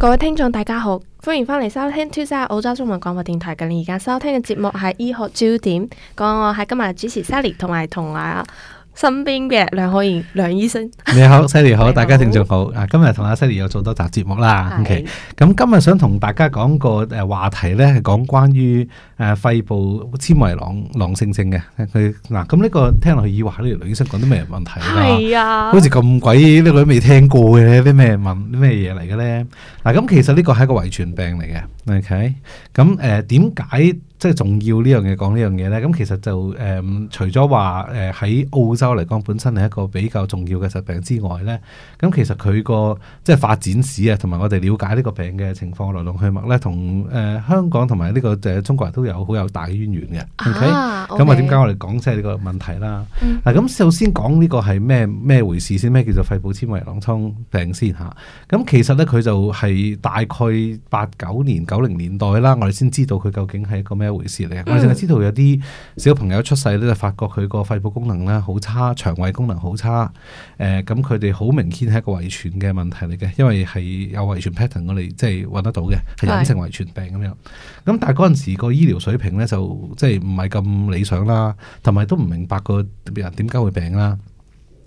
各位聽眾大家好，歡迎翻嚟收聽 Today 澳洲中文廣播電台。咁而家收聽嘅節目係醫學焦點，咁我喺今日主持 Sally 同埋同埋身邊嘅梁可盈梁醫生。你好，Sally 好，好大家聽眾好。啊，今日同阿 Sally 又做多集節目啦。OK，咁今日想同大家講個誒話題咧，係講關於。誒肺部纖維囊囊性性嘅，佢嗱咁呢個聽落去耳話咧，女醫生講啲咩問題啦？係啊，好似咁鬼呢、這個都未聽過嘅咧，啲咩問啲咩嘢嚟嘅咧？嗱咁、啊、其實呢個係一個遺傳病嚟嘅，OK？咁誒點解即係重要講呢樣嘢講呢樣嘢咧？咁其實就誒、嗯、除咗話誒喺澳洲嚟講本身係一個比較重要嘅疾病之外咧，咁其實佢個即係發展史啊，同埋我哋了解呢個病嘅情況來龍去脈咧，同誒、呃、香港同埋呢個誒中國人都有。有好有大嘅淵源嘅，OK，咁啊，點解我哋講即係呢個問題啦？嗱， 咁、啊、首先講呢個係咩咩回事先？咩叫做肺部纖維囊瘡病先、啊、吓？咁、啊、其實咧佢就係大概 八九年、九零年代啦、啊，我哋先知道佢究竟係一個咩回事咧、啊。我哋淨係知道有啲小朋友出世咧就發覺佢個肺部功能咧好差，腸胃功能好差，誒、啊，咁佢哋好明顯係一個遺傳嘅問題嚟嘅，因為係有遺傳 pattern，我哋即係揾得到嘅，係隱性遺傳病咁樣。咁、啊、但係嗰陣時個醫療水平咧就即係唔係咁理想啦，同埋都唔明白個別人點解會病啦。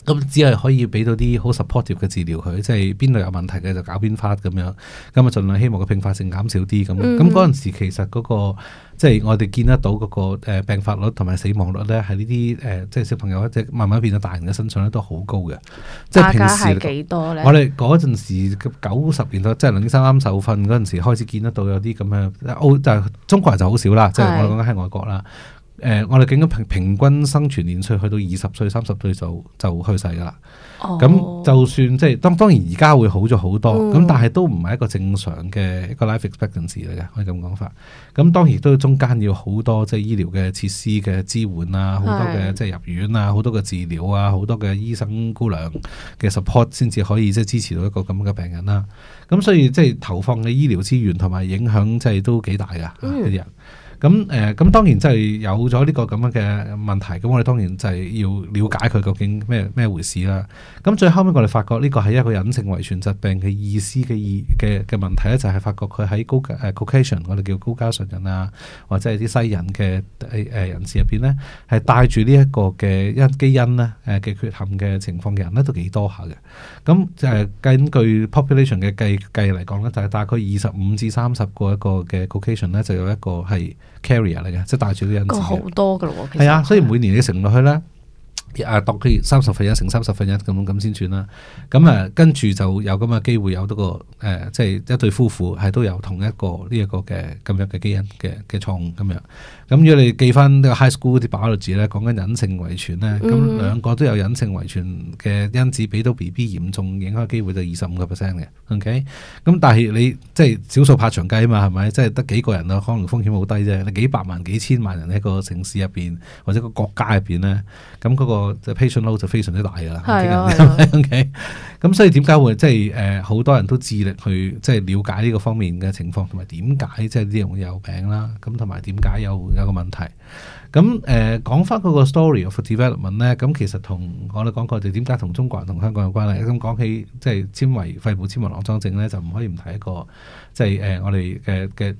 咁只係可以俾到啲好 supportive 嘅治療佢，即係邊度有問題嘅就搞邊忽咁樣，咁啊盡量希望個併發性減少啲咁。咁嗰陣時其實嗰、嗰個即係我哋見得到嗰個病發率同埋死亡率咧，喺呢啲誒即係小朋友一直慢慢變咗大人嘅身上咧都好高嘅。即係平時多我哋嗰陣時九十年代，即係零三啱受訓嗰陣時開始見得到有啲咁樣澳，就係中國人就好少啦，即係我哋講緊喺外國啦。誒、呃，我哋平均平均生存年歲去到二十歲、三十歲就就去世噶啦。咁、哦、就算即係，當當然而家會好咗好多，咁、嗯、但係都唔係一個正常嘅一個 life expectancy 嚟嘅，可以咁講法。咁當然都中間要好多即係醫療嘅設施嘅支援啊，好多嘅是即係入院啊，好多嘅治療啊，好多嘅醫生姑娘嘅 support 先至可以即係支持到一個咁嘅病人啦、啊。咁所以即係投放嘅醫療資源同埋影響即係都幾大噶，啲、嗯、人。咁誒，咁、嗯嗯、當然即係有咗呢個咁樣嘅問題，咁、嗯、我哋當然就係要了解佢究竟咩咩回事啦。咁、嗯、最後尾，我哋發覺呢個係一個隱性遺傳疾病嘅意思嘅意嘅嘅問題咧，就係、是、發覺佢喺高誒、啊、Caucasian，我哋叫高加索人啊，或者係啲西人嘅誒、啊、人士入邊咧，係帶住呢一個嘅一基因咧，誒、啊、嘅缺陷嘅情況嘅人咧都幾多下嘅。咁、嗯、誒、啊、根據 population 嘅計計嚟講咧，就係、是、大概二十五至三十個一個嘅 Caucasian 咧，就有一個係 carrier 嚟嘅，rier, 即係帶住啲人。咁好多噶咯係啊，所以每年你食落去咧。啊，當三十份一乘三十份一咁樣咁先算啦。咁啊，跟住就有咁嘅機會有，有呢個誒，即、就、係、是、一對夫婦係都有同一個呢一個嘅咁樣嘅基因嘅嘅錯誤咁樣。咁如果你記翻個 high school 啲 biology 咧，講緊隱性遺傳咧，咁兩個都有隱性遺傳嘅因子，俾到 B B 嚴重影響嘅機會就二十五個 percent 嘅。OK，咁、嗯、但係你即係少數怕長計啊嘛，係咪？即係得幾個人啊？可能風險好低啫。你幾百萬、幾千萬人喺一個城市入邊，或者個國家入邊咧，咁、嗯、嗰個 patient load 就非常之大噶啦，OK 咁所以點解會即係誒，好、呃、多人都致力去即係了解呢個方面嘅情況同埋點解即係啲人會有病啦，咁同埋點解有有個問題，咁誒講翻嗰個 story of development 咧、嗯，咁其實同我哋講過，嗯、過，就點解同中國人同香港有關咧，咁講起即係纖維肺部纖維囊狀症咧，就唔可以唔提一個即係誒我哋嘅嘅。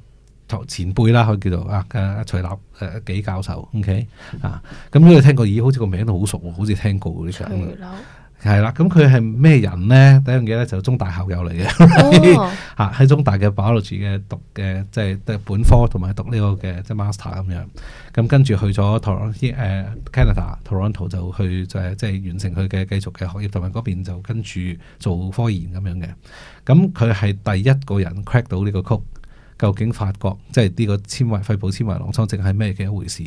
前輩啦，可以叫做啊，徐立誒、呃、幾教授，OK 啊，咁你聽過咦，好似個名都好熟喎，好似聽過嗰啲係啦，咁佢係咩人咧樓？第一樣嘢咧就中大校友嚟嘅，嚇喺、 啊、中大嘅 biology 嘅讀嘅，即係本科同埋讀呢、呢個嘅即 master 咁樣。咁、啊、跟住去咗台、啊、Canada，Toronto 就去即即、就係、完成佢嘅繼續嘅學業，同埋嗰邊就跟住做科研咁樣嘅。咁佢係第一個人 crack 到呢個曲。究竟法國即係呢個纖維肺部纖維囊瘡症係咩嘅一回事？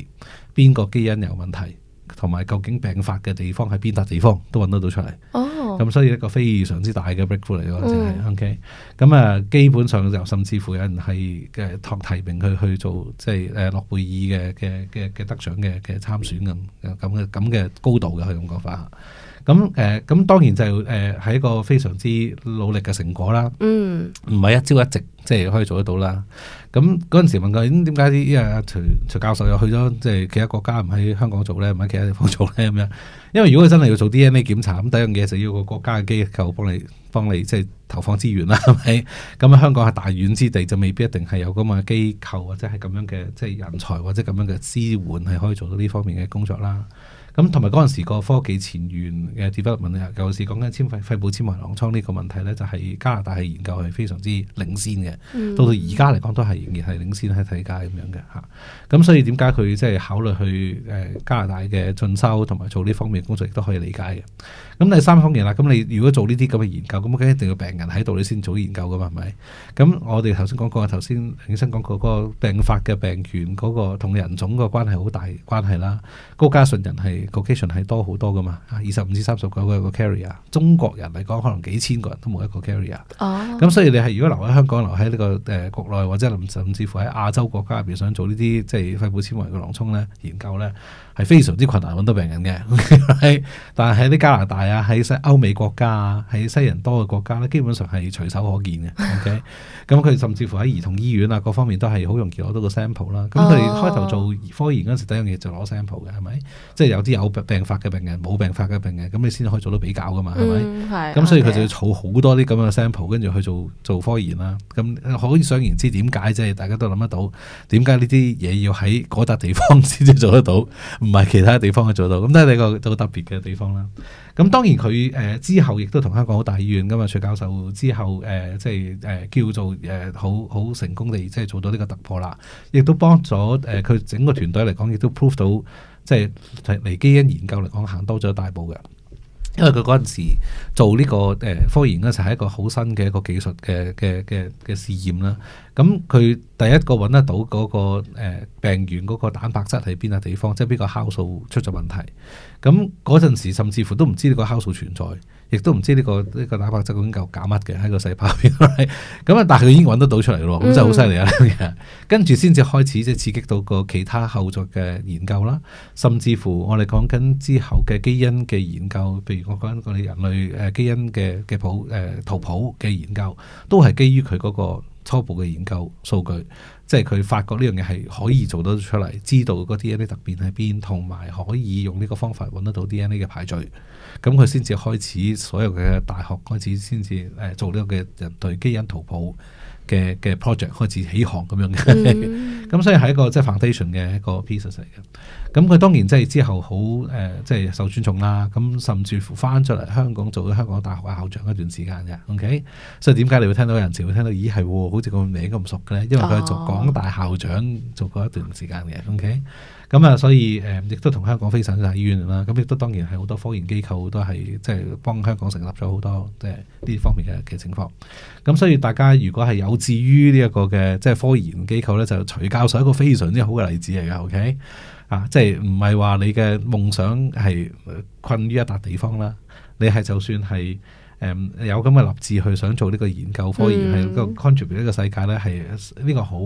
邊個基因有問題？同埋究竟病發嘅地方喺邊笪地方都揾得到出嚟。哦、oh. 嗯，咁所以一個非常之大嘅 breakthrough 嚟嘅，真係。OK，咁啊，基本上就甚至乎有人係嘅托提名去去做，即係誒諾貝爾嘅嘅嘅嘅得獎嘅嘅參選咁咁嘅咁嘅高度嘅，佢咁講法。咁誒，咁、嗯、當然就誒係一個非常之努力嘅成果啦。嗯，唔係一朝一夕即係、就是、可以做得到啦。咁嗰陣時問佢，咁點解呢？因為徐徐教授又去咗即係其他國家，唔喺香港做咧，唔喺其他地方做咧咁樣？因為如果佢真係要做 DNA 檢查，咁第一樣嘢就要個國家嘅機構幫你幫你即係、就是、投放資源啦，係咪？咁啊，香港係大院之地，就未必一定係有咁嘅機構或者係咁樣嘅即係人才或者咁樣嘅支援係可以做到呢方面嘅工作啦。咁同埋嗰陣時個科技前沿嘅 developments 啊，尤其是講緊遷肺肺部纖維囊瘡呢個問題咧，就係、是、加拿大係研究係非常之領先嘅。到到而家嚟講都係仍然係領先喺世界咁樣嘅嚇。咁、啊、所以點解佢即係考慮去誒加拿大嘅進修同埋做呢方面嘅工作，亦都可以理解嘅。咁第三方面啦，咁你如果做呢啲咁嘅研究，咁梗係一定要病人喺度你先做研究噶嘛，係咪？咁我哋頭先講過，頭先永生講過個病發嘅病源嗰個同人種個關係好大關係啦。高加索人係係，高加索人係多好多噶嘛，二十五至三十九個,個 carrier，中國人嚟講可能幾千個人都冇一個 carrier。咁、oh. 所以你係如果留喺香港，留喺呢個誒國內，或者甚至乎喺亞洲國家入邊想做呢啲即係肺部纖維嘅囊腫咧研究咧，係非常之困難揾到病人嘅。 但係喺啲加拿大。係啊，喺西歐美國家啊，喺西人多嘅國家咧，基本上係隨手可見嘅。咁、okay? 佢 甚至乎喺兒童醫院啊，各方面都係好容易攞到個 sample 啦、哦。咁佢哋開頭做科研嗰陣時，第一樣嘢就攞 sample 嘅，係咪？即係有啲有病發嘅病人，冇病發嘅病人，咁你先可以做到比較㗎嘛？係咪？咁、嗯、所以佢 Okay. 就要儲好多啲咁嘅 sample，跟住去做做科研啦。咁可以想而知，點解即係大家都諗得到？點解呢啲嘢要喺嗰笪地方先至做得到，唔係其他地方去做到？咁都係一個好特別嘅地方啦。咁。當然佢誒之後亦都同香港好大醫院噶嘛，徐教授之後誒、呃、即係誒叫做誒好好成功地即係做到呢個突破啦，亦都幫咗誒佢整個團隊嚟講，亦都 prove 到即係嚟基因研究嚟講行多咗大步嘅。因為佢嗰陣時做呢個誒科研咧，就係一個好新嘅一個技術嘅嘅嘅嘅試驗啦。咁佢第一個揾得到嗰個誒病原嗰個蛋白質喺邊個地方，即係邊個酵素出咗問題。咁嗰陣時甚至乎都唔知呢個酵素存在。亦都唔知呢個呢個蛋白質究竟夠搞乜嘅喺個細胞入面咁啊， 但係佢已經揾得到出嚟咯，咁 真係好犀利啊！ 跟住先至開始即係刺激到個其他後續嘅研究啦，甚至乎我哋講緊之後嘅基因嘅研究，譬如我講緊我哋人類誒基因嘅嘅譜誒圖譜嘅研究，都係基於佢嗰個初步嘅研究數據。即係佢發覺呢樣嘢係可以做得出嚟，知道嗰啲 DNA 突變喺邊，同埋可以用呢個方法揾得到 DNA 嘅排序，咁佢先至開始所有嘅大學開始先至誒做呢個嘅人類基因圖譜嘅嘅 project 開始起航咁樣嘅。咁、嗯 嗯、所以係一個即係 foundation 嘅一個 piece 嚟嘅。咁佢當然即係之後好誒，即、呃、係、就是、受尊重啦。咁甚至乎翻出嚟香港做咗香港大學嘅校長一段時間嘅。OK，所以點解你會聽到人潮會聽到，咦係、呃，好似個名咁熟嘅呢，因為佢係做角。港大校長做過一段時間嘅，OK，咁啊，所以誒、呃、亦都同香港非常之大淵源啦。咁亦都當然係好多科研機構都係即係幫香港成立咗好多即係呢方面嘅嘅情況。咁所以大家如果係有志於呢一個嘅即係科研機構咧，就徐教授一個非常之好嘅例子嚟嘅。o、OK? k 啊，即係唔係話你嘅夢想係困於一笪地方啦，你係就算係。誒、um, 有咁嘅立志去想做呢個研究科研，係個 contribute 呢個世界咧，係呢個好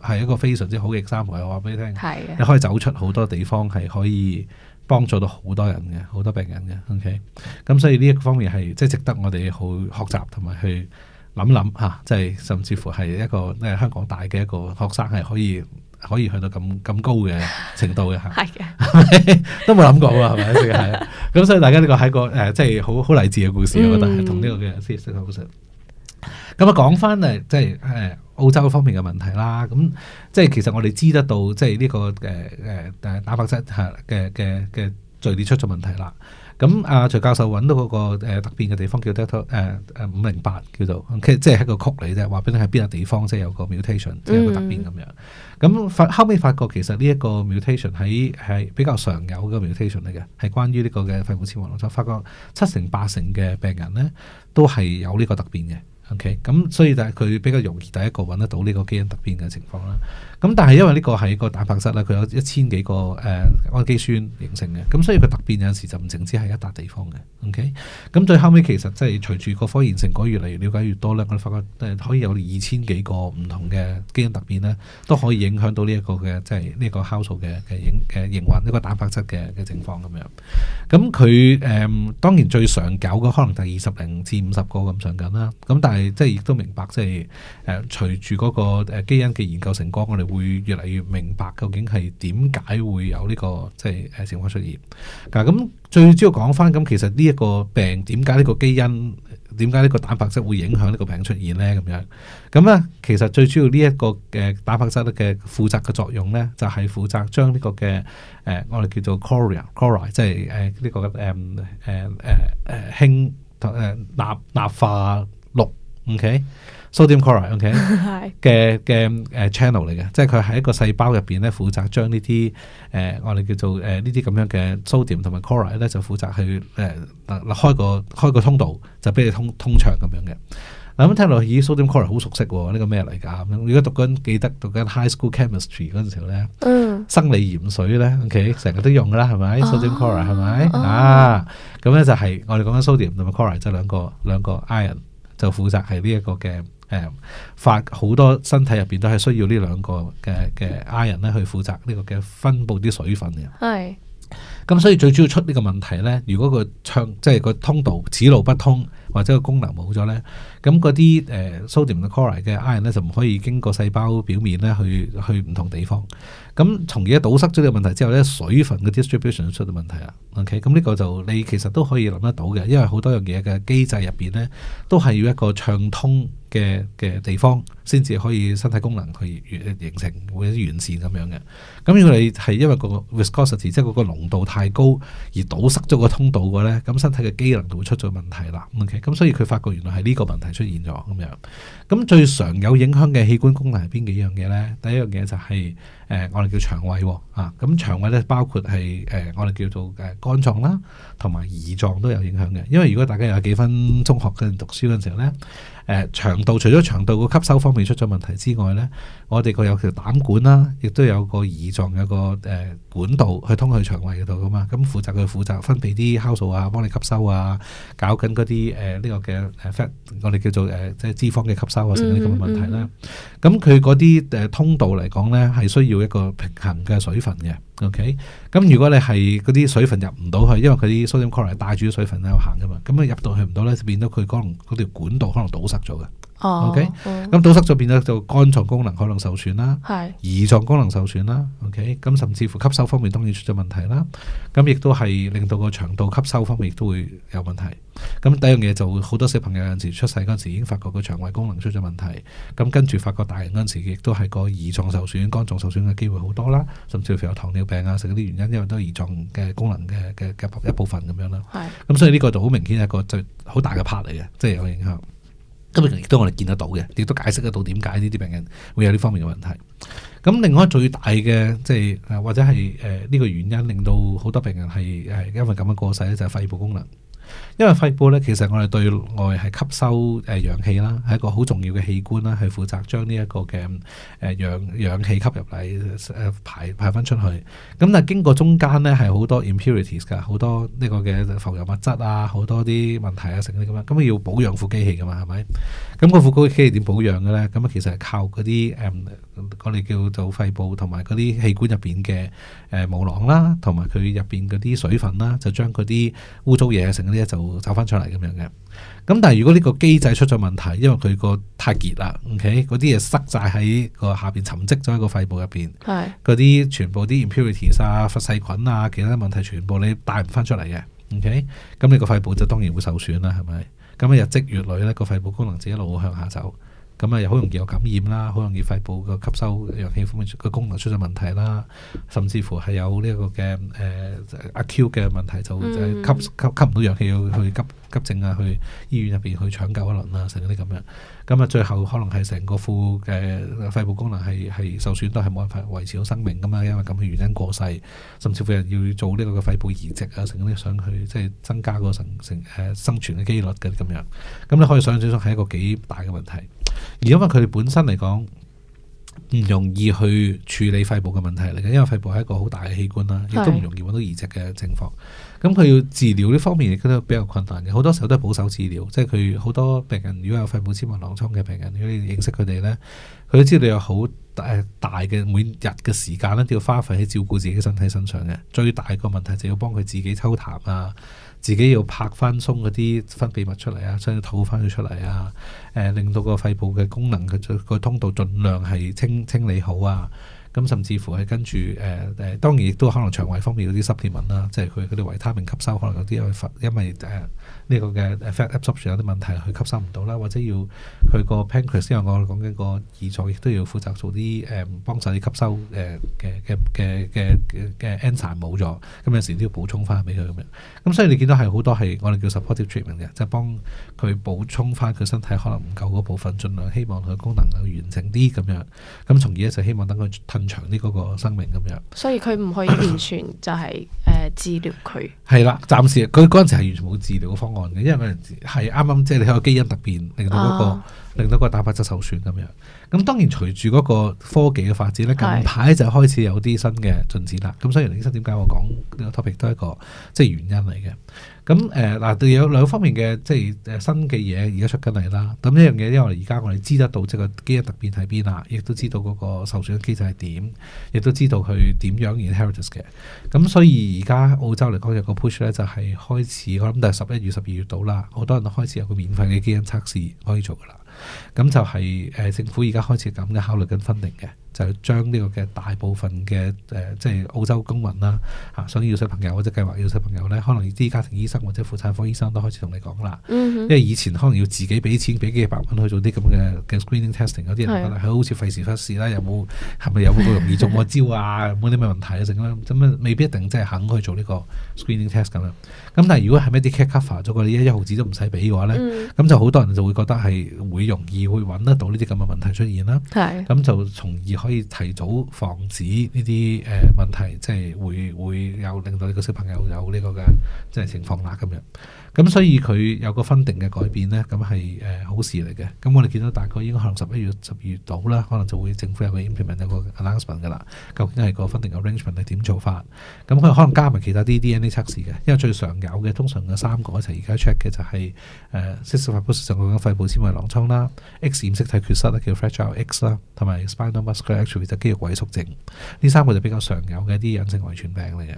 係一個非常之好嘅 example，我話俾你聽，你可以走出好多地方係可以幫助到好多人嘅好多病人嘅。OK，咁所以呢一方面係即係值得我哋去學習同埋去諗諗嚇，即係甚至乎係一個誒香港大嘅一個學生係可以。可以去到咁咁高嘅程度嘅吓，係嘅，都冇諗過喎，係咪先係？咁所以大家呢個係一個誒，即係好好勵志嘅故事，嗯、我覺得係同呢個嘅 f a c e 咁啊，講翻誒，即係誒，澳洲方面嘅問題啦。咁、嗯、即係其實我哋知得到，即係呢、這個誒誒誒，蛋、呃、白質吓嘅嘅嘅序列出咗問題啦。咁阿、啊、徐教授揾到嗰、那個、呃、特變嘅地方叫誒誒五零八，8，叫做，即係一個曲嚟啫，話俾你係邊個地方，即係有個 mutation、嗯、即係個特變咁樣。咁後尾發覺其實呢一個 mutation 喺係比較常有嘅 mutation 嚟嘅，係關於呢個嘅肺部纖維瘤，就發覺七成八成嘅病人咧都係有呢個特變嘅。O.K.，咁、嗯、所以就係佢比較容易第一個揾得到呢個基因突變嘅情況啦。咁、嗯、但係因為呢個係個蛋白質咧，佢有一千幾個誒氨、呃、基酸形成嘅，咁、嗯、所以佢突變有陣時就唔淨止係一笪地方嘅。O.K.，咁、嗯、最後尾其實即係隨住個科研成果越嚟越了解越多咧，我哋發覺都係可以有二千幾個唔同嘅基因突變咧，都可以影響到呢、這、一個嘅即係呢個酵素嘅嘅影嘅營運呢、這個蛋白質嘅嘅情況咁樣。咁佢誒當然最常搞嘅可能係二十零至五十個咁上緊啦。咁但係即係亦都明白，即係誒，隨住嗰個誒基因嘅研究成果，我哋會越嚟越明白究竟係點解會有呢、這個即係誒情況出現。嗱、啊，咁最主要講翻，咁其實呢一個病點解呢個基因點解呢個蛋白質會影響呢個病出現咧？咁樣咁咧，其實最主要呢一個嘅蛋白質嘅負責嘅作用咧，就係、是、負責將呢個嘅誒、呃、我哋叫做 coria coria 即係誒呢個誒誒誒誒氫誒鈉鈉化。OK，sodium chloride，OK 嘅嘅誒 channel 嚟嘅，即係佢喺一個細胞入邊咧，負責將呢啲誒我哋叫做誒、呃、呢啲咁樣嘅 sodium 同埋 chloride 咧，就負責去誒拉、呃、開個開個通道，就俾你通通暢咁樣嘅。嗱，咁聽落咦 sodium chloride 好熟悉喎，呢個咩嚟噶？如果讀緊記得讀緊 high school chemistry 嗰陣時咧，生理鹽水咧，OK，成日都用噶啦，係咪？sodium chloride 係咪？啊，咁咧就係、是、我哋講緊 sodium 同埋 chloride 即係兩個兩個 ion。就負責係呢一個嘅誒發，好多身體入邊，都係需要呢兩個嘅嘅 I 人咧，去負責呢個嘅分布啲水分嘅。咁所以最主要出呢個問題呢，如果個暢即係個通道此路不通，或者個功能冇咗呢，咁嗰啲誒、呃、sodium chloride 嘅 ion 呢，就唔可以經過細胞表面呢去去唔同地方。咁從而堵塞咗呢個問題之後呢，水分嘅 distribution 出咗問題啦。OK，咁呢個就你其實都可以諗得到嘅，因為好多樣嘢嘅機制入邊呢，都係要一個暢通。嘅嘅地方，先至可以身體功能去形成會完善咁樣嘅。咁如果係係因為個 viscosity 即係嗰個濃度太高而堵塞咗個通道嘅話呢，咁身體嘅機能就會出咗問題啦。k、okay？咁所以佢發覺原來係呢個問題出現咗咁樣。咁最常有影響嘅器官功能係邊幾樣嘢呢？第一樣嘢就係、是、誒、呃、我哋叫腸胃喎、哦、啊。咁腸胃咧包括係誒、呃、我哋叫做誒肝臟啦，同埋胰臟都有影響嘅。因為如果大家有幾分中學嗰陣讀書嗰時候呢。誒腸道除咗腸道個吸收方面出咗問題之外咧，我哋個有條膽管啦、啊，亦都有個胰臟有個誒、呃、管道去通去腸胃嗰度噶嘛，咁負責佢負責分泌啲酵素啊，幫你吸收啊，搞緊嗰啲誒呢個嘅誒我哋叫做誒即係脂肪嘅吸收啊，成啲咁嘅問題啦。咁佢嗰啲誒通道嚟講咧，係需要一個平衡嘅水分嘅。O K，咁如果你係嗰啲水分入唔到去，因為佢啲 sodium c 疏鬆擴裂帶住啲水分喺度行啫嘛，咁啊入到去唔到咧，變咗佢可能嗰條管道可能堵塞咗嘅。OK，咁堵塞咗變咗就肝臟功能可能受損啦，胰是臟功能受損啦，OK，咁甚至乎吸收方面當然出咗問題啦，咁亦都係令到個腸道吸收方面都會有問題，咁第二樣嘢就好多小朋友有陣時出世嗰陣時已經發覺個腸胃功能出咗問題，咁跟住發覺大人嗰陣時亦都係個胰臟受損、肝臟受損嘅機會好多啦，甚至乎有糖尿病啊，成啲原因，因為都係胰臟嘅功能嘅嘅一部分咁樣啦，咁是所以呢個就好明顯係一個最好大嘅 part 嚟嘅，即係有影響。咁亦都我哋見得到嘅，亦都解釋得到點解呢啲病人會有呢方面嘅問題。咁另外最大嘅，即係，或者係誒呢個原因，令到好多病人係誒、呃、因為咁樣過世咧，就係、是、肺部功能。因為肺部咧，其實我哋對外係吸收誒氧氣啦，係一個好重要嘅器官啦，係負責將呢一個嘅誒氧氧氣吸入嚟誒排排翻出去。咁、嗯、但係經過中間咧係好多 impurities 噶，好多呢個嘅浮油物質啊，好多啲問題啊，成嗰啲咁啊。咁、嗯、啊要保養副機器噶嘛，係咪？咁、嗯、個副高機器點保養嘅咧？咁、嗯、啊其實係靠嗰啲誒我哋叫做肺部同埋嗰啲器官入邊嘅誒毛囊啦，同埋佢入邊嗰啲水分啦，就將嗰啲污糟嘢成啲。就走翻出嚟咁樣嘅，咁但係如果呢個機制出咗問題，因為佢個太熱啦，OK，嗰啲嘢塞晒喺個下邊沉積咗喺個肺部入邊，係嗰啲全部啲 impurities 啊、細菌啊、其他問題全部你帶唔翻出嚟嘅，OK，咁你個肺部就當然會受損啦，係咪？咁啊日積月累咧，個肺部功能就一路向下走。咁啊，又好容易有感染啦，好容易肺部嘅吸收氧氣方面功能出咗問題啦，甚至乎係有呢一個嘅誒 acute 嘅問題，就就吸吸唔到氧氣，要去急急症啊，去醫院入邊去搶救一輪啊，成啲咁樣。咁、嗯、啊，最後可能係成個副誒肺部功能係係受損，都係冇辦法維持到生命噶嘛、嗯，因為咁嘅原因過世，甚至乎要做呢個肺部移植啊，成嗰啲想去即係增加個成成誒生存嘅機率嘅咁樣。咁、嗯、你可以想象到係一個幾大嘅問題。而因為佢哋本身嚟講，唔容易去處理肺部嘅問題嚟嘅，因為肺部係一個好大嘅器官啦，亦都唔容易揾到移植嘅情況。咁佢要治療呢方面亦都比較困難嘅，好多時候都係保守治療。即係佢好多病人，如果有肺部纖維囊瘡嘅病人，如果你認識佢哋呢，佢都知道有好大嘅每日嘅時間咧，都要花費喺照顧自己身體身上嘅最大個問題，就要幫佢自己抽痰啊，自己要拍翻鬆嗰啲分泌物出嚟啊，將啲吐翻佢出嚟啊，誒、呃、令到個肺部嘅功能嘅個通道儘量係清、嗯、清理好啊。咁甚至乎係跟住，誒誒，當然亦都可能腸胃方面嗰啲濕氣敏啦，即係佢佢啲維他命吸收可能有啲因為發、呃呢個嘅 effect absorption 有啲問題，佢吸收唔到啦，或者要佢個 pancreas，因為我講緊個胰臟亦都要負責做啲誒幫手啲吸收誒嘅嘅嘅嘅嘅嘅 enzyme 冇咗，咁有，有時都要補充翻俾佢咁樣。咁、嗯、所以你見到係好多係我哋叫 supportive treatment 嘅，就係幫佢補充翻佢身體可能唔夠嗰部分，儘量希望佢功能夠完整啲咁樣。咁從而咧就希望等佢㩒長啲嗰個生命咁樣。所以佢唔可以完全就係、是。 誒，治療佢係啦，暫時佢嗰陣時係完全冇治療嘅方案嘅，因為佢係啱啱即係你喺個基因突變令到嗰、那個。啊令到嗰個蛋白質受損咁樣，咁當然隨住嗰個科技嘅發展咧，近排就開始有啲新嘅進展啦。咁是所以梁醫生點解我講呢個 topic 都係一個即係、就是、原因嚟嘅。咁誒嗱，呃、有兩方面嘅即係新嘅嘢而家出緊嚟啦。咁呢樣嘢因為而家我哋知得到即個基因突變喺邊啊，亦都知道嗰個受損嘅機制係點，亦都知道佢點樣 inheritance 嘅。咁所以而家澳洲嚟講有個 push 咧，就係、是、開始我諗都係十一月、十二月到啦，好多人都開始有個免費嘅基因測試可以做噶啦。咁就係誒，政府而家開始咁嘅考慮，緊分定嘅。就將呢個嘅大部分嘅誒、呃，即係澳洲公民啦、啊，嚇想要小朋友或者計劃要小朋友咧，可能啲家庭醫生或者婦產科醫生都開始同你講啦。因為以前可能要自己俾錢俾幾百蚊去做啲咁嘅嘅 screening testing 嗰啲人咧，好似費時費事啦，有冇係咪有冇好容易中個招啊？冇啲咩問題啊？成啦，咁、嗯 嗯 um, 未必一定真係肯去做呢個 screening test 咁樣。咁但係如果係咩啲 Medicare cover 咗個一毫子都唔使俾嘅話咧，咁就好多人就會覺得係會容易會揾得到呢啲咁嘅問題出現啦。係是。咁就從而可以提早防止呢啲誒問題，即係會會有令到呢個小朋友有呢個嘅即係情況啦咁樣。咁所以佢有個分定嘅改變咧，咁係誒好事嚟嘅。咁我哋見到大概應該可能十一月、十二月度啦，可能就會政府有個 implement 有個 announcement 噶啦。究竟係個分定 arrangement 係點做法？咁佢可能加埋其他啲 DNA 測試嘅，因為最常有嘅通常嘅三個一齊而家 check 嘅就係誒 cystic fibrosis 個肺部纖維囊瘡啦，X 染色體缺失咧叫 fragile X 啦，同埋 spinal muscular 就肌肉萎縮症，呢三個就比較常有嘅一啲隱性遺傳病嚟嘅，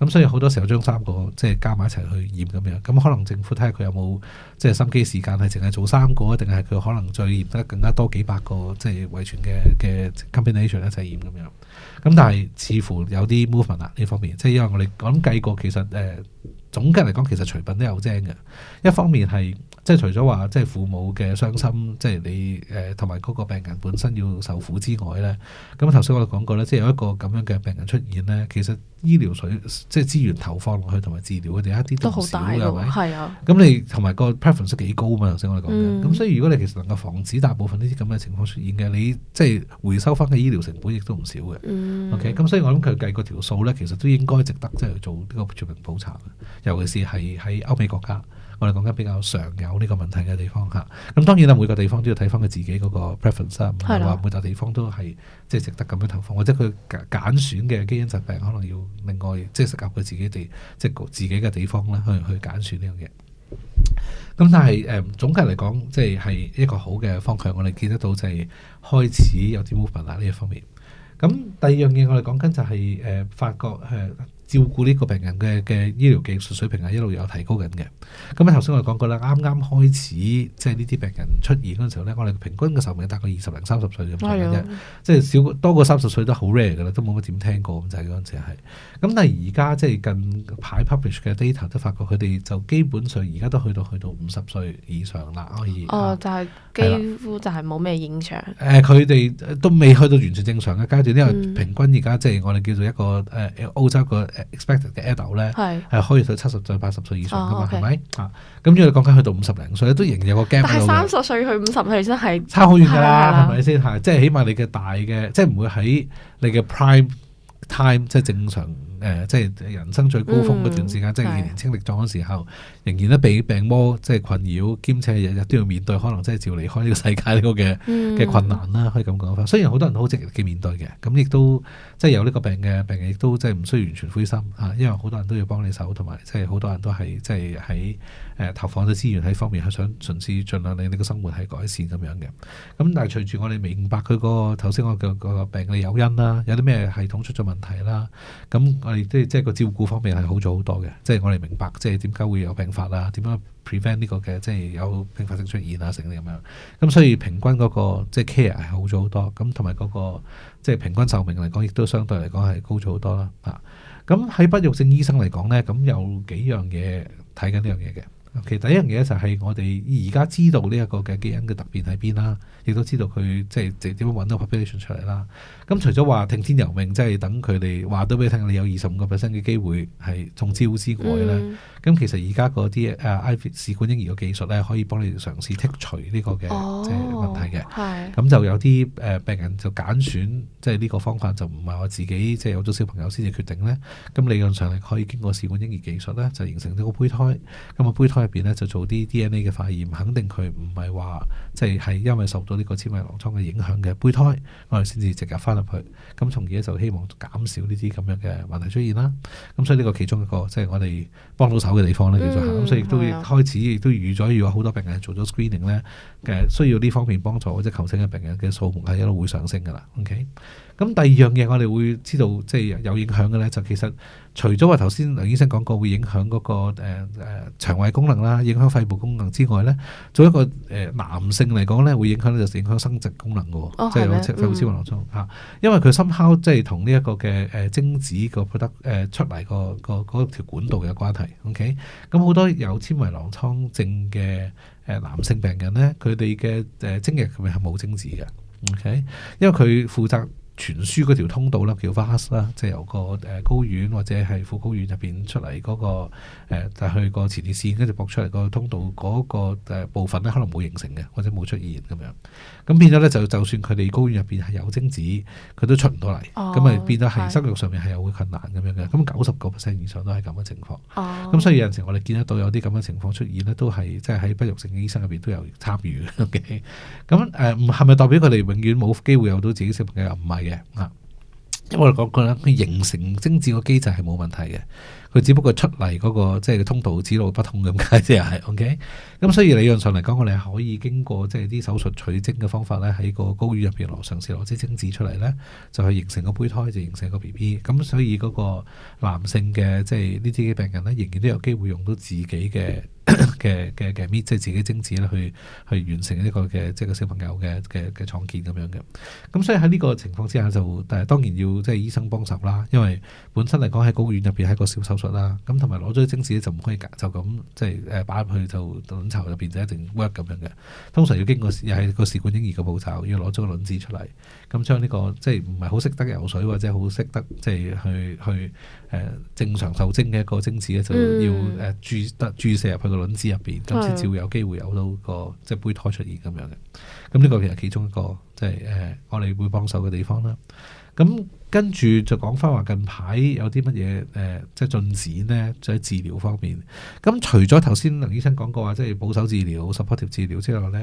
咁所以好多時候將三個即係加埋一齊去驗咁樣，咁可能政府睇下佢有冇即係心機時間係淨係做三個，定係佢可能再驗得更加多幾百個即係遺傳嘅嘅 combination 一齊驗咁樣，咁但係似乎有啲 movement 啦。呢方面，即係因為我哋我諗計過其實誒、呃、總結嚟講其實隨便都有好精嘅，一方面係。即係除咗話，即係父母嘅傷心，即係你誒同埋嗰個病人本身要受苦之外咧，咁頭先我哋講過咧，即係有一個咁樣嘅病人出現咧，其實醫療水即係資源投放落去同埋治療佢哋一啲都唔少嘅，係啊。咁吧的你同埋個 preference 幾高啊嘛？頭先我哋講嘅，咁、嗯、所以如果你其實能夠防止大部分呢啲咁嘅情況出現嘅，你即係回收翻嘅醫療成本亦都唔少嘅。嗯、OK，咁所以我諗佢計個條數咧，其實都應該值得即係做呢個全民普查，尤其是係喺歐美國家。我哋講緊比較常有呢個問題嘅地方吓，咁當然啦，每個地方都要睇翻佢自己嗰 pre 個 preference，唔係話每笪地方都係即係值得咁樣投放，的或者佢揀選嘅基因疾病可能要另外即係涉及佢自己哋即係自己嘅地方咧，去去揀選呢樣嘢。咁但係誒、呃、總體嚟講，即係係一個好嘅方向，我哋見得到就係開始有啲 movement 喇呢一方面。咁第二樣嘢我哋講緊就係、是、誒、呃、法國誒。照顧呢個病人嘅嘅醫療技術水平係一路有提高緊嘅。咁啊頭先我哋講過啦，啱啱開始即係呢啲病人出現嗰陣時候咧，我哋平均嘅壽命大概二十零三十歲咁樣啫，即係少多過三十歲都好 rare 㗎啦，都冇乜點聽過，咁就係嗰陣時係。咁但係而家即係近排 publish 嘅 data 都發覺佢哋就基本上而家都到、都到去到去到五十歲以上啦，可以哦、喔、就係、是、幾乎了凡凡就係冇咩影響。誒佢哋都未去到完全正常嘅階段，因為平均而家即係我哋叫做一個誒歐洲個。哦哦嗯哦嗯 expected 嘅 adult 咧，係係可以到七十歲八十歲以上㗎嘛，係咪啊？咁、oh 嗎嗯、如果你講緊去到五十零歲咧，都仍然有個 gap 喺度。三十歲去五十歲真係差好遠㗎啦，係咪先係？即係起碼你嘅大嘅，即係唔會喺你嘅 prime time，即係正常。 誒、呃，即係人生最高峰嗰段時間，嗯、即係年輕力壯嘅時候，仍然都被病魔即係困擾，兼且日日都要面對，可能即係照離開呢個世界呢個嘅嘅困難啦，嗯、可以咁講。雖然好多人都好積極嘅面對嘅，咁亦都即係有呢個病嘅病，亦都即係唔需要完全灰心啊，因為好多人都要幫你手，同埋即係好多人都係即係喺誒投放咗資源喺方面，係想盡先盡量令你個生活係改善咁樣嘅。咁但係隨住我哋明白佢嗰、嗰個頭先我嘅嗰個病嘅誘因啦，有啲咩系統出咗問題啦，咁即係即係個照顧方面係好咗好多嘅，即係我哋明白即係點解會有併發症啊？點樣 prevent 呢個嘅即係有併發性出現啊？成啲咁樣，咁所以平均嗰個即係 care 係好咗好多，咁同埋嗰個即係平均壽命嚟講，亦都相對嚟講係高咗好多啦。啊，咁喺不育症醫生嚟講咧，咁有幾樣嘢睇緊呢樣嘢嘅。其實、okay, 第一樣嘢就係我哋而家知道呢一個嘅基因嘅突變喺邊啦，亦都知道佢即係點樣揾到 population 出嚟啦。咁除咗話聽天由命，即係等佢哋話都俾你聽，你有二十五個 percent 嘅機會係中招之外咧。嗯咁、嗯、其實而家嗰啲誒試管嬰兒嘅技術咧，可以幫你嘗試剔除呢個嘅、哦、問題嘅。係的。咁、嗯、就有啲誒病人就揀選，即係呢個方法就唔係我自己即係有咗小朋友先至決定咧。咁理論上嚟可以經過試管嬰兒技術咧，就形成呢個胚胎。咁、嗯、啊胚胎入邊咧就做啲 DNA 嘅化驗，肯定佢唔係話即係係因為受到呢個纖維囊瘡嘅影響嘅胚胎，我哋先至直入翻入去。咁、嗯、從而就希望減少呢啲咁樣嘅問題出現啦。咁、嗯、所以呢個其中一個即係我哋幫到手。嘅地方咧叫做咁，所以亦都會開始亦都預咗，如果好多病人做咗 screening 咧嘅、嗯、需要呢方面幫助，或者求診嘅病人嘅數目係一路會上升噶啦。OK，咁第二樣嘢我哋會知道即係有影響嘅咧，就其實除咗話頭先梁醫生講過會影響嗰、那個誒誒腸胃功能啦，影響肺部功能之外咧，做一個誒、呃、男性嚟講咧，會影響咧就是、影響生殖功能噶，哦、即係有肺部纖維囊腫吓，因為佢 somehow 即係同呢一個嘅誒精子 product,、呃那個得誒出嚟個、那個嗰條管道嘅關係。Okay? 咁好多有纖維狼瘡症嘅誒男性病人呢，佢哋嘅誒精液佢哋係冇精子嘅，OK，因為佢負責傳輸嗰條通道啦，叫 vas 啦，即係由個誒睾丸或者係副睾丸入邊出嚟嗰、那個誒，就去個前列腺跟住駁出嚟個通道嗰、那個誒部分呢，可能冇形成嘅，或者冇出現咁樣。咁變咗咧，就就算佢哋睾丸入邊係有精子，佢都出唔到嚟，咁咪、oh，變咗係生育上面係有會困難咁樣嘅。咁九十九 percent 以上都係咁嘅情況。咁、oh. 所以有陣時我哋見得到有啲咁嘅情況出現咧，都係即係喺不育性嘅醫生入邊都有參與嘅。咁、okay? 誒，唔係咪代表佢哋永遠冇機會有到自己小朋友？唔係嘅啊，因、嗯、為我哋講過咧，形成精子嘅機制係冇問題嘅。佢只不過出嚟嗰個即係嘅通道指路不通咁解，即係 OK。咁所以理論上嚟講，我哋可以經過即係啲手術取精嘅方法咧，喺個高院入邊攞上次攞啲精子出嚟咧，就去形成個胚胎，就形成個 BB。咁所以嗰個男性嘅即係呢啲嘅病人咧，仍然都有機會用到自己嘅嘅嘅嘅咪，即係自己精子咧去去完成呢個嘅即係個小朋友嘅嘅嘅創建咁樣嘅。咁所以喺呢個情況之下就，但係當然要即係醫生幫手啦，因為本身嚟講喺高院入邊係個小手術。啦，咁同埋攞咗個精子咧就唔可以隔，就咁即係誒，擺、啊、入去就卵巢入邊就一定 work 咁樣嘅。通常要經過又係個試管嬰兒嘅步驟，要攞咗個卵子出嚟，咁將呢個即係唔係好識得游水或者好識得即係去去誒、啊、正常受精嘅一個精子咧就要誒、啊、注得、啊、注射入去個卵子入邊，咁先至會有機會有到個即係胚胎出現咁樣嘅。咁、嗯、呢、嗯、個其實其中一個即係誒我哋會幫手嘅地方啦。咁、啊啊啊跟住就講翻話近排有啲乜嘢誒，即係進展呢？就喺治療方面。咁除咗頭先梁醫生講過話，即係保守治療、supportive 治療之外呢，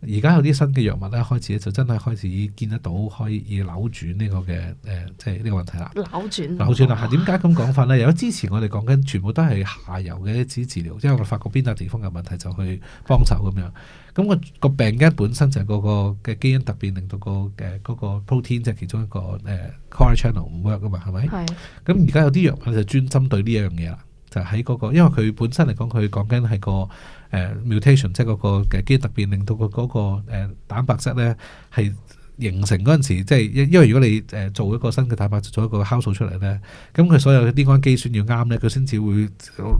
而家有啲新嘅藥物咧，開始就真係開始見得到可以扭轉呢個嘅誒，即係呢個問題啦。扭轉，扭轉啦！係點解咁講法呢？因為之前我哋講緊全部都係下游嘅一啲治療，即係我發覺邊笪地方有問題就去幫手咁樣。咁個個病根本身就係嗰個嘅基因突變，令到個誒嗰個 protein 即係其中一個誒。channel 唔 work 㗎嘛，係咪？係是。咁而家有啲藥品就專針對呢一樣嘢啦，就喺、是、嗰、那個，因為佢本身嚟講，佢講緊係個誒、呃、mutation，即係嗰、那個嘅基因突變令到佢、那、嗰個、呃、蛋白質咧係。形成嗰陣時，即係因因為如果你誒、呃、做一個新嘅蛋白，做一個酵素出嚟咧，咁佢所有啲氨基酸要啱咧，佢先至會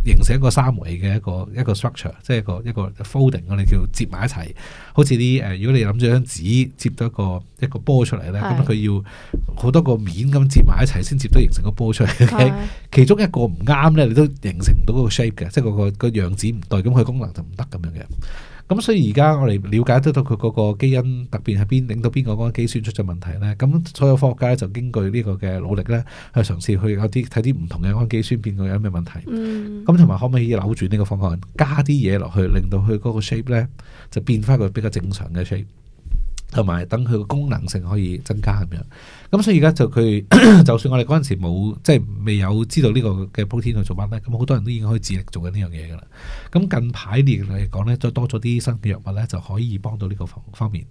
形成一個三維嘅一個一個 structure，即係一個一個 folding，我哋叫接埋一齊。好似啲誒，如果你諗住張紙接多一個一個，一個波出嚟咧，咁佢是要好多個面咁接埋一齊先接到形成個波出嚟是。 其中一個唔啱咧，你都形成唔到嗰個 shape 嘅，即係、嗰個個個樣子唔對，咁佢功能就唔得咁樣嘅。咁所以而家我哋瞭解得到佢嗰個基因特別係邊，令到邊個嗰個氨基酸出咗問題呢。咁所有科學家就根據呢個嘅努力呢，去嘗試去有啲睇啲唔同嘅氨基酸變到有咩問題。咁同埋可唔可以扭轉呢個方案，加啲嘢落去，令到佢嗰個 shape 呢就變翻個比較正常嘅 shape。同埋等佢個功能性可以增加咁樣。咁所以而家就佢， 就算我哋嗰陣時冇即係未有知道呢個嘅 protein 去做乜咧，咁好多人都已經可以自力做緊呢樣嘢㗎啦。咁近排年嚟講咧，再多咗啲新嘅藥物咧，就可以幫到呢個方方面。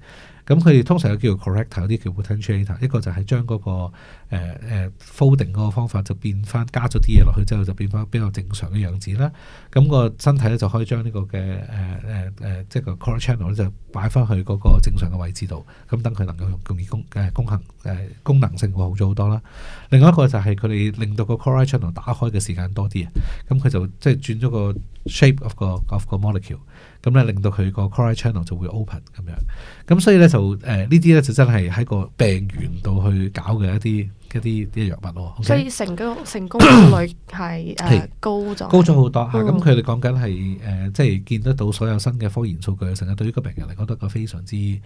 咁佢哋通常有叫做 corrector，有啲叫 potentiator，一個就係將嗰個誒誒、呃呃、folding 嗰個方法就變翻，加咗啲嘢落去之後就變翻比較正常嘅樣子啦。咁、個身體咧就可以將呢個嘅誒誒誒即係個 channel 咧就擺翻去嗰個正常嘅位置度。咁等佢能夠用容易功誒功能誒功能性會好咗好多啦。另外一個就係佢哋令到個 channel 打開嘅時間多啲啊。咁佢就即係轉咗個 shape of 個 of 個 molecule。咁咧、嗯、令到佢個 chloride channel 就會 open 咁樣，咁、嗯、所以咧就誒、呃、呢啲咧就真係喺個病原度去搞嘅一啲。一啲啲藥物，所以成成功率係誒高咗，高咗好多嚇。咁佢哋講緊係誒，即係見得到所有新嘅科研數據，成日對於個病人嚟講都一個非常之誒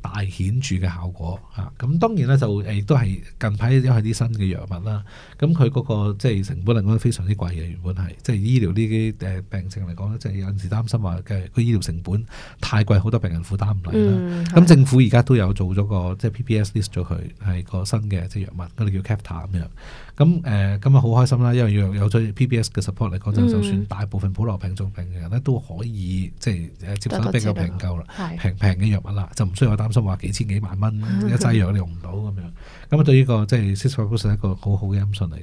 大顯著嘅效果嚇。咁當然咧就誒都係近排因為啲新嘅藥物啦。咁佢嗰個即係成本嚟講非常之貴嘅，原本係即係醫療呢啲誒病情嚟講咧，就有陣時擔心話嘅個醫療成本太貴，好多病人負擔唔嚟。咁政府而家都有做咗個即係 PBS list 咗佢係個新嘅即係藥物。佢哋叫 captor 咁樣，咁、呃、誒，今日好開心啦，因為要有咗 PBS 嘅 support 嚟，嗰陣就，就算大部分普羅平重病嘅人咧，都可以、嗯、即係接受比較平夠啦，平平嘅藥物啦，就唔需要擔心話幾千幾萬蚊一劑藥你用唔到咁樣。咁啊對呢、呢個即係 cystic fibrosis 係一個好好嘅音訊嚟嘅。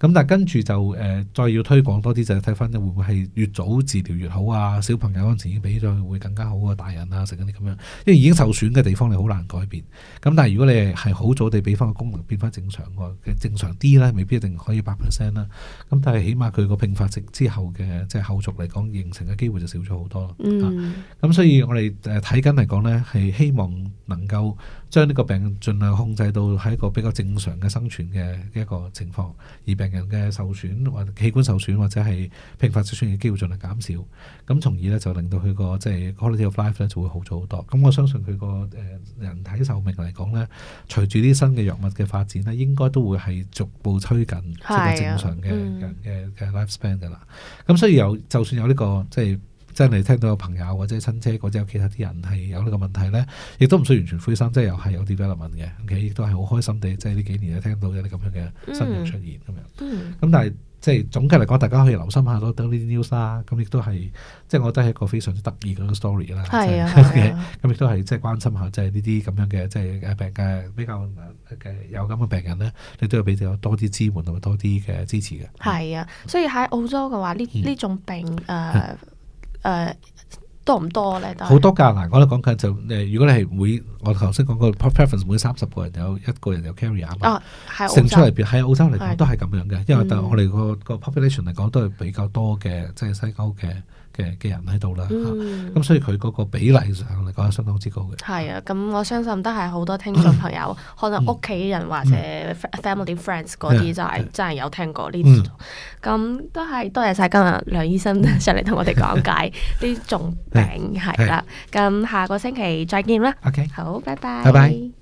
咁但係跟住就誒、呃，再要推廣多啲就睇、係、翻會唔會係越早治療越好啊？小朋友嗰陣時已經俾咗會更加好啊，大人啊，食緊啲咁樣，因為已經受損嘅地方你好難改變。咁但係如果你係好早地俾翻個功能變翻。正常嘅，正常啲咧，未必一定可以百 percent 啦。咁但係起碼佢個併發症之後嘅，即係後續嚟講，形成嘅機會就少咗好多咯。嗯。咁、啊、所以我哋誒睇緊嚟講咧，係希望能夠將呢個病盡量控制到喺一個比較正常嘅生存嘅一個情況，而病人嘅受損或者器官受損或者係併發症嘅機會盡量減少。咁從而咧就令到佢個即係 quality of life 咧就會好咗好多。咁我相信佢個誒人體壽命嚟講咧，隨住啲新嘅藥物嘅發展。咧應該都會係逐步推近，即係的正常嘅嘅嘅 life span 㗎喇。咁、嗯、所以有，就算有呢、這個即係真係聽到有朋友或者親戚或者有其他啲人係有呢個問題咧，亦都唔需要完全灰心，即係又係有 development 嘅。OK，亦都係好開心地，即係呢幾年有聽到有啲咁樣嘅新人出現咁、嗯、樣。咁、嗯嗯嗯、但係。即係總結嚟講，大家可以留心下咯，等呢啲 news 啦。咁亦都係，即係我覺得係一個非常之得意嗰個 story 啦。係啊的，咁亦 都係即係關心下即係，即係呢啲咁樣嘅，即係誒病嘅比較誒有咁嘅病人咧，你都要俾到多啲支援同埋多啲嘅支持嘅。係啊，所以喺澳洲嘅話，呢呢、嗯、種病誒誒。呃嗯呃呃多唔多咧？好 多噶，嗱，我哋講緊就誒，如果你係每我頭先講個 population 每三十個人有一個人有 carry 啊嘛，成出嚟，喺澳洲嚟講都係咁樣嘅，的因為但我哋、嗯、個個 population 嚟講都係比較多嘅，即係西歐嘅。嘅嘅人喺度啦，咁所以佢嗰個比例上嚟講係相當之高嘅。係啊，咁我相信都係好多聽眾朋友，可能屋企人或者 family friends 嗰啲就係真係有聽過呢啲。咁都係多謝晒今日梁醫生上嚟同我哋講解啲重病係啦。咁下個星期再見啦。OK，好，拜拜，拜拜。